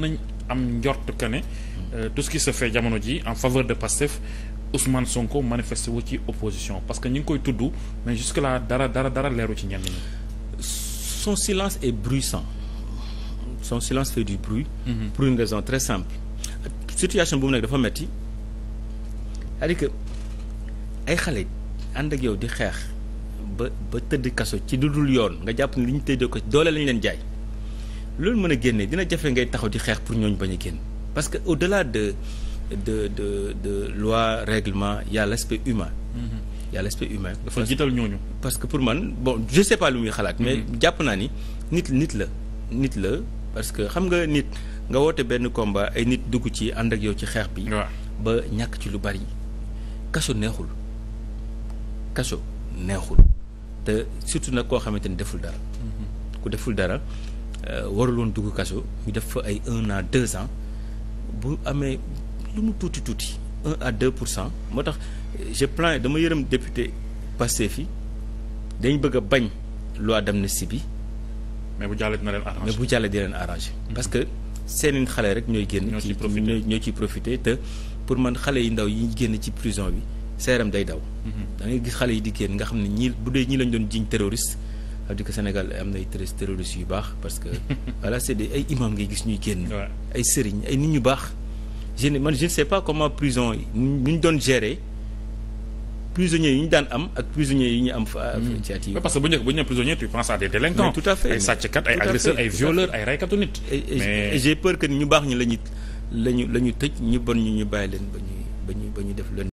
nañ am njort que ne euh, tout ce qui se fait jamono ji en faveur de Pastef Ousmane Sonko manifesté wu ci opposition parce que ñu ngi koy tudd mais jusque là dara dara leeru ci ñenn ñi. son silence est bruissant son silence fait du bruit. Mm -hmm. pour une raison très simple. situation boobu nag dafa metti cest ay xale ànd ak yow di xeex ba ba tëdd kaso ci du dul yoon nga jàpp ni li ñu tëddee ko doole lañ leen jaay. loolu mën a génnee dina jafe ngay taxaw di xeex pour ñooñu bañ a génn parce que au delà de de de de loi règlement y a l'aspect humain. Mm-hmm. y a l'aspect humain. dafa jiital ñooñu. parce que pour man bon je lu muy xalaat. mais mm-hmm. jàpp naa ni nit nit la nit la parce que xam nga nit nga woote benn combat ay nit dugg ci ànd ak yow ci xeex bi. ba ñàkk ci lu bari kaso neexul kaso neexul te surtout nag koo xamante ni deful dara. Mm-hmm. ku deful dara. Euh, waruloon dugg kaso ñu def fa ay un an deux ans bu amee lu mu tuuti tuuti un à deux pour cent moo tax euh, je plains dama yërëm député Pastef yi dañ bëgg a bañ loi na bi. mais bu jàllee dina leen arrangé mais bu jàllee di leen arrangé. Mhm. parce que seeni xale rek ñooy génn. ñoo ciy profité ñoo ciy profité te pour man xale yu ndaw yi génn ci prison bi seeram day daw. Mhm. da ngay gis xale yi di génn nga xam ne ñii bu dee ñii lañ doon jiñ terroriste. ça veut dire que Sénégal am na ay terroristes yu baax parce que voilà c'est ay imam ngay gis ñuy génn ay sëriñ ay nit ñu baax je ne man je ne sais pas comment prison yi ñu doon gérer prisonniers yi ñu daan am ak prisonniers yi ñu am fa hmm. ciat yi parce que bu ñu bu ñu prisonnier tu penses à des tout à fait ay sàcckat ay agresseurs ay violeurs ay raykatu nit mais j'ai peur ñu baax ñi la ñu la ñu la ñu tëj ñu bon ñu ñu bàyyi leen ba ñuy ba ñu def leen